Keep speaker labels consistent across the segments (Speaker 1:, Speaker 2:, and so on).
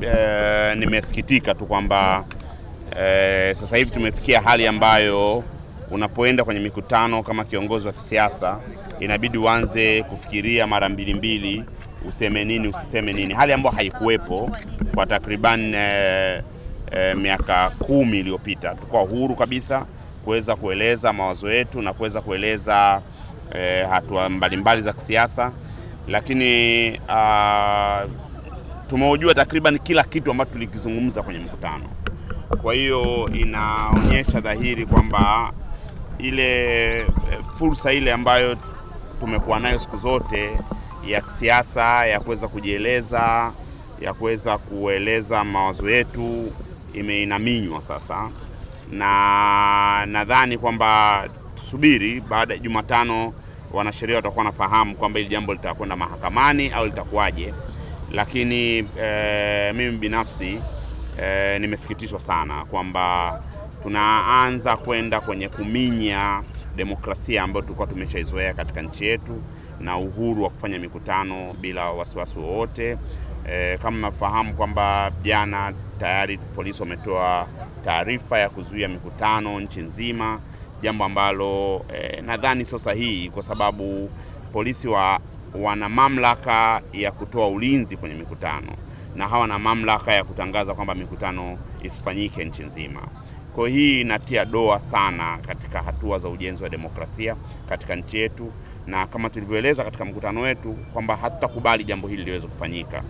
Speaker 1: e, nimesikitika tu kwamba e, sasa hivi tumefikia hali ambayo unapoenda kwenye mikutano kama kiongozi wa kisiasa inabidi uanze kufikiria mara mbili mbili, useme nini usiseme nini, hali ambayo haikuwepo kwa takriban e, e, miaka kumi iliyopita. Tukuwa huru kabisa kuweza kueleza mawazo yetu na kuweza kueleza e, hatua mbalimbali za kisiasa, lakini a, ah, tumeujua takriban kila kitu ambacho tulikizungumza kwenye mkutano. Kwa hiyo inaonyesha dhahiri kwamba ile eh, fursa ile ambayo tumekuwa nayo siku zote ya kisiasa ya kuweza kujieleza ya kuweza kueleza mawazo yetu imeinaminywa sasa, na nadhani kwamba tusubiri baada ya Jumatano, wanasheria watakuwa wanafahamu kwamba hili jambo litakwenda mahakamani au litakuwaje lakini eh, mimi binafsi eh, nimesikitishwa sana kwamba tunaanza kwenda kwenye kuminya demokrasia ambayo tulikuwa tumeshaizoea katika nchi yetu na uhuru wa kufanya mikutano bila wasiwasi wowote. E, kama nafahamu kwamba jana tayari polisi wametoa taarifa ya kuzuia mikutano nchi nzima, jambo ambalo e, nadhani sio sahihi kwa sababu polisi wa wana mamlaka ya kutoa ulinzi kwenye mikutano na hawana mamlaka ya kutangaza kwamba mikutano isifanyike nchi nzima. Kwa hii inatia doa sana katika hatua za ujenzi wa demokrasia katika nchi yetu, na kama tulivyoeleza katika mkutano wetu kwamba hatutakubali jambo hili liweze kufanyika,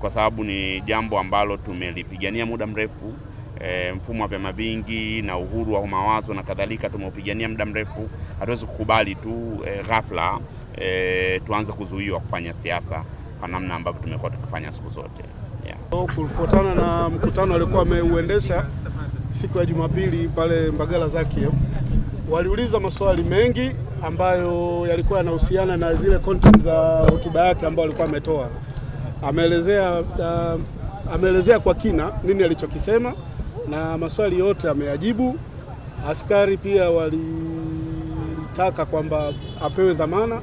Speaker 1: kwa sababu ni jambo ambalo tumelipigania muda mrefu. E, mfumo wa vyama vingi na uhuru wa mawazo na kadhalika tumeupigania muda mrefu. Hatuwezi kukubali tu e, ghafla e, tuanze kuzuiwa kufanya siasa kwa namna ambavyo tumekuwa tukifanya siku zote
Speaker 2: yeah. So, kufuatana na mkutano aliokuwa ameuendesha siku ya Jumapili pale Mbagala zake waliuliza maswali mengi ambayo yalikuwa yanahusiana na zile content za hotuba yake ambayo alikuwa ametoa. Ameelezea uh, ameelezea kwa kina nini alichokisema na maswali yote ameyajibu. Askari pia walitaka kwamba apewe dhamana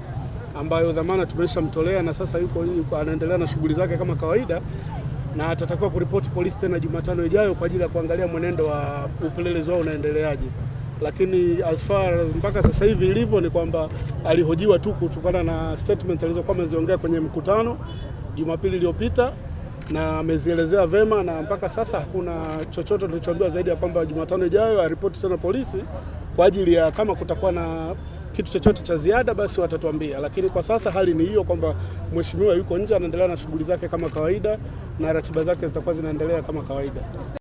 Speaker 2: ambayo dhamana tumeshamtolea na sasa yuko, yuko anaendelea na shughuli zake kama kawaida, na atatakiwa kuripoti polisi tena Jumatano ijayo kwa ajili ya kuangalia mwenendo wa upelelezi wao unaendeleaje. Lakini as far as mpaka sasa hivi ilivyo ni kwamba alihojiwa tu kutokana na statements alizokuwa ameziongea kwenye mkutano Jumapili iliyopita na amezielezea vema, na mpaka sasa hakuna chochote tulichoambiwa zaidi ya kwamba Jumatano ijayo aripoti tena polisi kwa ajili ya kama kutakuwa na kitu chochote cha ziada, basi watatuambia. Lakini kwa sasa hali ni hiyo kwamba mheshimiwa yuko nje anaendelea na shughuli zake kama kawaida na ratiba zake zitakuwa zinaendelea kama kawaida.